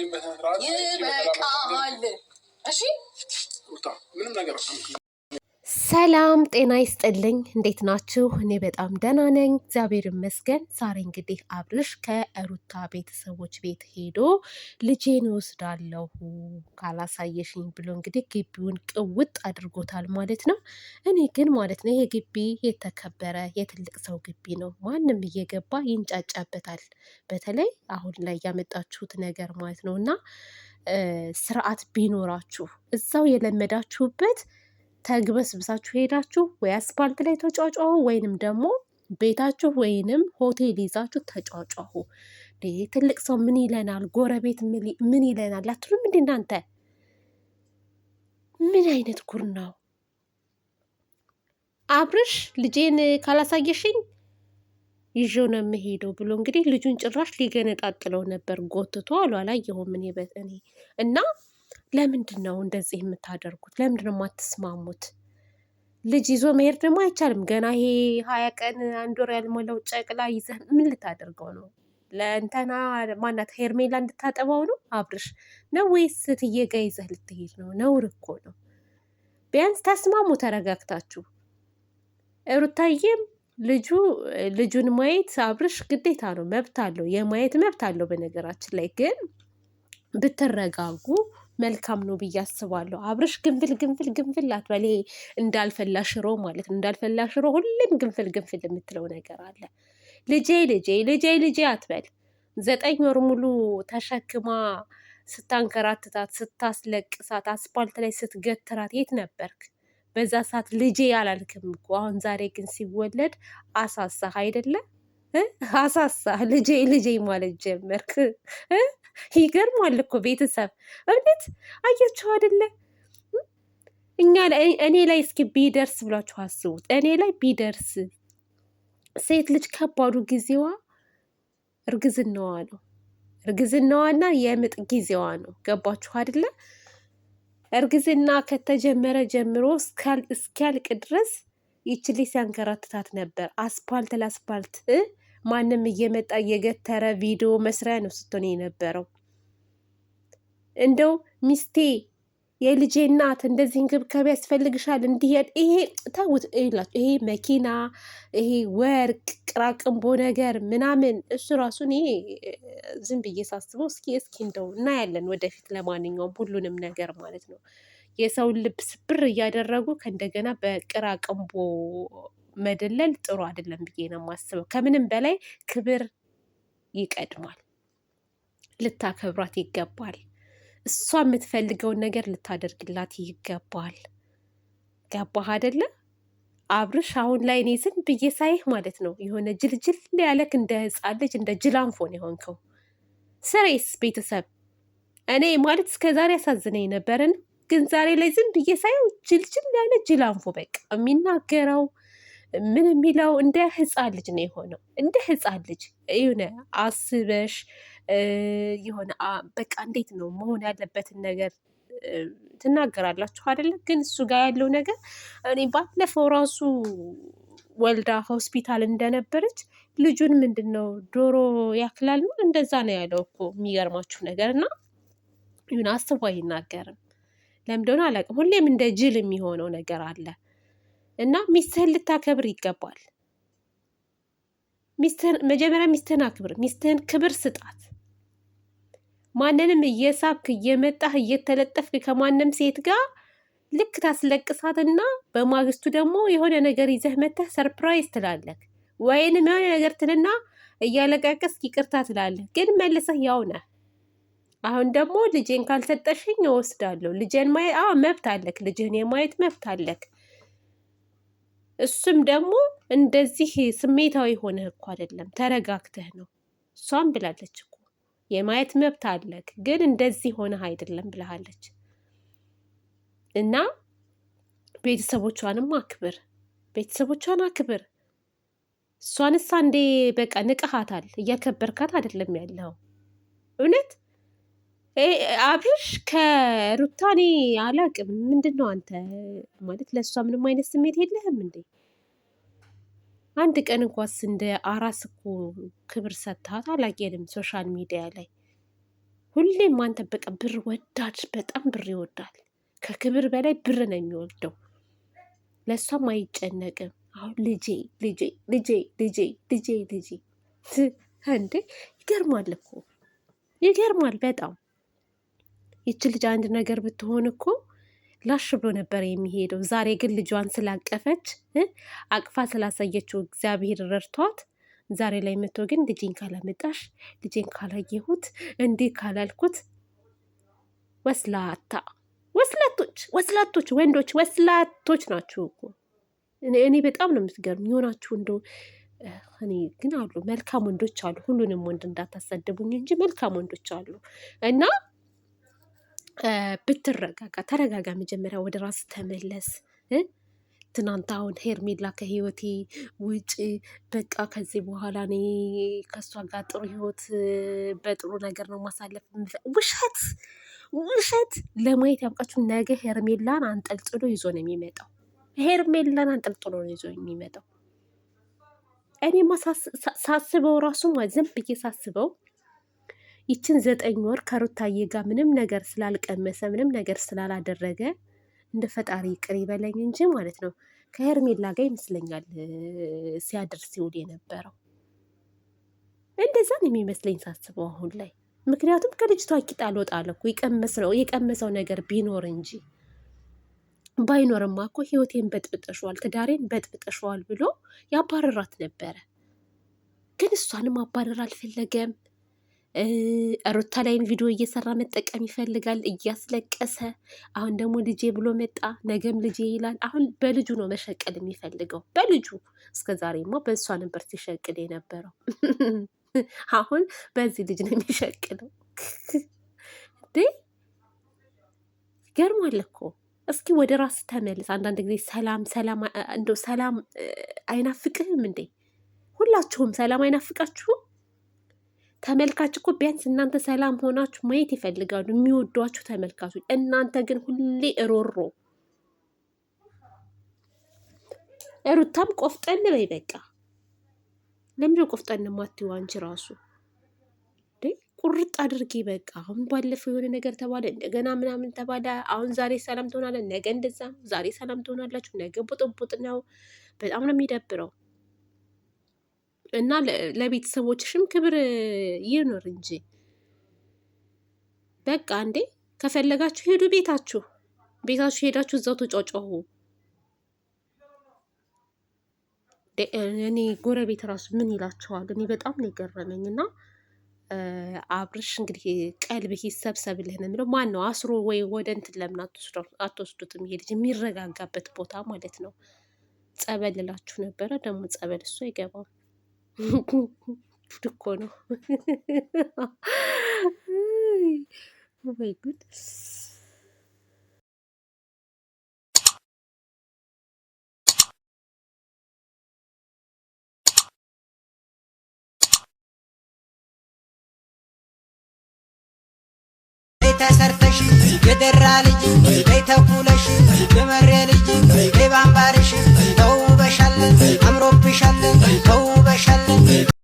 ይበቃል። እሺ ምንም ነገር ሰላም ጤና ይስጥልኝ። እንዴት ናችሁ? እኔ በጣም ደህና ነኝ፣ እግዚአብሔር ይመስገን። ዛሬ እንግዲህ አብርሽ ከሩታ ቤተሰቦች ቤት ሄዶ ልጄን ወስዳለሁ ካላሳየሽኝ ብሎ እንግዲህ ግቢውን ቅውጥ አድርጎታል ማለት ነው። እኔ ግን ማለት ነው ይሄ ግቢ የተከበረ የትልቅ ሰው ግቢ ነው። ማንም እየገባ ይንጫጫበታል። በተለይ አሁን ላይ ያመጣችሁት ነገር ማለት ነው እና ስርዓት ቢኖራችሁ እዛው የለመዳችሁበት ተግበስብሳችሁ ሄዳችሁ ወይ አስፓልት ላይ ተጫጫሁ ወይንም ደግሞ ቤታችሁ ወይንም ሆቴል ይዛችሁ ተጫጫሁ። ትልቅ ሰው ምን ይለናል? ጎረቤት ምን ይለናል? አትሉም እንዴ እናንተ? ምን አይነት ጉር ነው? አብርሽ ልጄን ካላሳየሽኝ ይዤው ነው የምሄደው ብሎ እንግዲህ ልጁን ጭራሽ ሊገነጣጥለው ነበር ጎትቶ አሉ። አላየሁም እኔ እና ለምንድን ነው እንደዚህ የምታደርጉት? ለምንድን ነው የማትስማሙት? ልጅ ይዞ መሄድ ደግሞ አይቻልም። ገና ይሄ ሀያ ቀን አንድ ወር ያልሞላው ጨቅላ ይዘህ ምን ልታደርገው ነው? ለእንተና ማናት ሄርሜላ እንድታጠባው ነው? አብርሽ ነው ወይስ እትዬ ጋ ይዘህ ልትሄድ ነው? ነውር እኮ ነው። ቢያንስ ተስማሙ፣ ተረጋግታችሁ። ሩታዬም ልጁ ልጁን ማየት አብርሽ ግዴታ ነው፣ መብት አለው፣ የማየት መብት አለው። በነገራችን ላይ ግን ብትረጋጉ መልካም ነው ብዬ አስባለሁ። አብርሽ ግንፍል ግንፍል ግንፍል አትበል። ይሄ እንዳልፈላ ሽሮ ማለት ነው። እንዳልፈላ ሽሮ ሁሌም ግንፍል ግንፍል የምትለው ነገር አለ። ልጄ ልጄ ልጄ ልጄ አትበል። ዘጠኝ ወር ሙሉ ተሸክማ ስታንከራትታት፣ ስታስለቅሳት፣ አስፓልት ላይ ስትገትራት የት ነበርክ? በዛ ሰዓት ልጄ አላልክም እኮ። አሁን ዛሬ ግን ሲወለድ አሳሳህ አይደለም አሳሳ ልጄ ልጄ ማለት ጀመርክ። ይገርማል እኮ ቤተሰብ እውነት አያችሁ አይደለ? እኛ እኔ ላይ እስኪ ቢደርስ ብላችሁ አስቡት። እኔ ላይ ቢደርስ ሴት ልጅ ከባዱ ጊዜዋ እርግዝናዋ ነው። እርግዝናዋና የምጥ ጊዜዋ ነው። ገባችሁ አይደለ? እርግዝና ከተጀመረ ጀምሮ እስኪያልቅ ድረስ ይችል ሲያንከራትታት ነበር። አስፓልት ለአስፓልት ማንም እየመጣ እየገተረ ቪዲዮ መስሪያ ነው ስትሆን የነበረው። እንደው ሚስቴ የልጄ እናት እንደዚህ እንክብካቤ ያስፈልግሻል እንዲሄድ ይሄ ታውት ይላችሁ ይሄ መኪና ይሄ ወርቅ ቅራቅንቦ ነገር ምናምን እሱ ራሱን ይሄ ዝም ብዬ ሳስበው እስኪ እስኪ እንደው እናያለን ወደፊት። ለማንኛውም ሁሉንም ነገር ማለት ነው የሰውን ልብስ ብር እያደረጉ ከእንደገና በቅራቅንቦ መደለል ጥሩ አይደለም ብዬ ነው የማስበው። ከምንም በላይ ክብር ይቀድማል። ልታከብሯት ይገባል። እሷ የምትፈልገውን ነገር ልታደርግላት ይገባል። ገባህ አይደለ? አብርሽ አሁን ላይ እኔ ዝም ብዬ ሳይህ ማለት ነው የሆነ ጅልጅል ያለክ እንደ ህፃን ልጅ እንደ ጅላንፎን የሆንከው ስሬስ ቤተሰብ እኔ ማለት እስከዛሬ ያሳዝነኝ ነበርን። ግን ዛሬ ላይ ዝም ብዬ ሳየው ጅልጅል ያለ አንፎ በቃ የሚናገረው ምን የሚለው እንደ ህፃን ልጅ ነው የሆነው። እንደ ህፃን ልጅ የሆነ አስበሽ የሆነ በቃ እንዴት ነው መሆን ያለበትን ነገር ትናገራላችሁ አይደለ ግን እሱ ጋር ያለው ነገር እኔ ባለፈው ራሱ ወልዳ ሆስፒታል እንደነበረች ልጁን ምንድን ነው ዶሮ ያክላል ነው እንደዛ ነው ያለው እኮ የሚገርማችሁ ነገር እና ይሁን አስቡ አይናገርም። ለምደሆነ አላውቅም። ሁሌም እንደ ጅል የሚሆነው ነገር አለ እና ሚስትህን ልታከብር ይገባል። መጀመሪያ ሚስትህን አክብር። ሚስትህን ክብር ስጣት። ማንንም እየሳብክ እየመጣህ እየተለጠፍክ ከማንም ሴት ጋር ልክ ታስለቅሳትና በማግስቱ ደግሞ የሆነ ነገር ይዘህ መተህ ሰርፕራይዝ ትላለህ፣ ወይንም የሆነ ነገር ትልና እያለቀቀስክ ይቅርታ ትላለህ። ግን መልሰህ ያው ነህ። አሁን ደግሞ ልጄን ካልሰጠሽኝ እወስዳለሁ። ልጄን ማየት አዎ መብት አለክ፣ ልጅህን የማየት መብት አለክ። እሱም ደግሞ እንደዚህ ስሜታዊ ሆነህ እኮ አይደለም ተረጋግተህ ነው። እሷም ብላለች እኮ የማየት መብት አለክ፣ ግን እንደዚህ ሆነህ አይደለም ብላለች እና ቤተሰቦቿንም አክብር፣ ቤተሰቦቿን አክብር። እሷንስ አንዴ በቃ ንቅሃታል፣ እያከበርካት አይደለም ያለው እውነት አብርሽ ከሩታኔ አላቅም። ምንድን ነው አንተ ማለት ለእሷ ምንም አይነት ስሜት የለህም እንዴ? አንድ ቀን እንኳስ እንደ አራስ እኮ ክብር ሰጥታት አላየንም ሶሻል ሚዲያ ላይ። ሁሌም አንተ በቃ ብር ወዳድ፣ በጣም ብር ይወዳል። ከክብር በላይ ብር ነው የሚወደው። ለእሷም አይጨነቅም። አሁን ልጄ ልጄ ልጄ ልጄ ልጄ ልጄ እንዴ! ይገርማል እኮ ይገርማል በጣም ይች ልጅ አንድ ነገር ብትሆን እኮ ላሽ ብሎ ነበር የሚሄደው። ዛሬ ግን ልጇን ስላቀፈች አቅፋ ስላሳየችው እግዚአብሔር ረድቷት ዛሬ ላይ መቶ ግን ልጄን ካላመጣሽ ልጄን ካላየሁት እንዲህ ካላልኩት ወስላታ ወስላቶች ወስላቶች ወንዶች ወስላቶች ናችሁ እኮ እኔ በጣም ነው የምትገርም የሆናችሁ እንደ እኔ ግን አሉ መልካም ወንዶች አሉ ሁሉንም ወንድ እንዳታሳደቡኝ እንጂ መልካም ወንዶች አሉ እና ብትረጋጋ፣ ተረጋጋ። መጀመሪያ ወደ ራስ ተመለስ። ትናንት አሁን ሄርሜላ ከህይወቴ ውጭ በቃ ከዚህ በኋላ እኔ ከእሷ ጋር ጥሩ ህይወት በጥሩ ነገር ነው ማሳለፍ። ውሸት ውሸት ለማየት ያብቃችሁ። ነገ ሄርሜላን አንጠልጥሎ ይዞ ነው የሚመጣው። ሄርሜላን አንጠልጥሎ ነው ይዞ የሚመጣው። እኔማ ሳስበው ራሱ ዝም ብዬ ሳስበው ይችን ዘጠኝ ወር ከሩታዬ ጋር ምንም ነገር ስላልቀመሰ ምንም ነገር ስላላደረገ እንደ ፈጣሪ ይቅር ይበለኝ እንጂ ማለት ነው ከሄርሜላ ጋር ይመስለኛል ሲያድር ሲውል የነበረው እንደዛ ነው የሚመስለኝ ሳስበው አሁን ላይ። ምክንያቱም ከልጅቷ ኪጥ አልወጣለ እኮ የቀመሰው ነገር ቢኖር እንጂ ባይኖርማ እኮ ህይወቴን በጥብጠሸዋል፣ ትዳሬን በጥብጠሸዋል ብሎ ያባረራት ነበረ። ግን እሷንም አባረር አልፈለገም። ሩታ ላይን ቪዲዮ እየሰራ መጠቀም ይፈልጋል፣ እያስለቀሰ አሁን ደግሞ ልጄ ብሎ መጣ፣ ነገም ልጄ ይላል። አሁን በልጁ ነው መሸቀል የሚፈልገው በልጁ። እስከዛሬማ በእሷ ነበር ሲሸቅል የነበረው፣ አሁን በዚህ ልጅ ነው የሚሸቅለው። ገርሟል እኮ። እስኪ ወደ ራስ ተመልስ። አንዳንድ ጊዜ ሰላም ሰላም እንደው ሰላም አይናፍቅህም እንዴ? ሁላችሁም ሰላም አይናፍቃችሁም? ተመልካች እኮ ቢያንስ እናንተ ሰላም ሆናችሁ ማየት ይፈልጋሉ የሚወዷችሁ ተመልካቾች። እናንተ ግን ሁሌ እሮሮ። ሩታም ቆፍጠን በይ በቃ። ለምንድነው ቆፍጠን ማትይው አንቺ ራሱ ቁርጥ አድርጌ በቃ። አሁን ባለፈው የሆነ ነገር ተባለ፣ እንደገና ምናምን ተባለ። አሁን ዛሬ ሰላም ትሆናለ፣ ነገ እንደዛ፣ ዛሬ ሰላም ትሆናላችሁ፣ ነገ ቡጥቡጥ ነው። በጣም ነው የሚደብረው። እና ለቤተሰቦችሽም ክብር ይኑር እንጂ በቃ እንዴ። ከፈለጋችሁ ሄዱ ቤታችሁ ቤታችሁ ሄዳችሁ እዛው ተጫጫሁ። እኔ ጎረቤት ራሱ ምን ይላቸዋል? እኔ በጣም ነው የገረመኝ። እና አብርሽ እንግዲህ ቀልብህ ይሰብሰብልህ ነው የሚለው ማን ነው አስሮ ወይ ወደ እንትን ለምን አትወስዱትም? ይሄ ልጅ የሚረጋጋበት ቦታ ማለት ነው። ጸበልላችሁ ልላችሁ ነበረ ደግሞ ጸበል እሱ አይገባም። ጉድ እኮ ነው። ወይ ጉድ! ተሰርተሽ የደራ ልጅ በይ ተኩለሽ የመሬ ልጅ በይ ባምባርሽ ተውበሻለን አምሮብሻለን ተው special.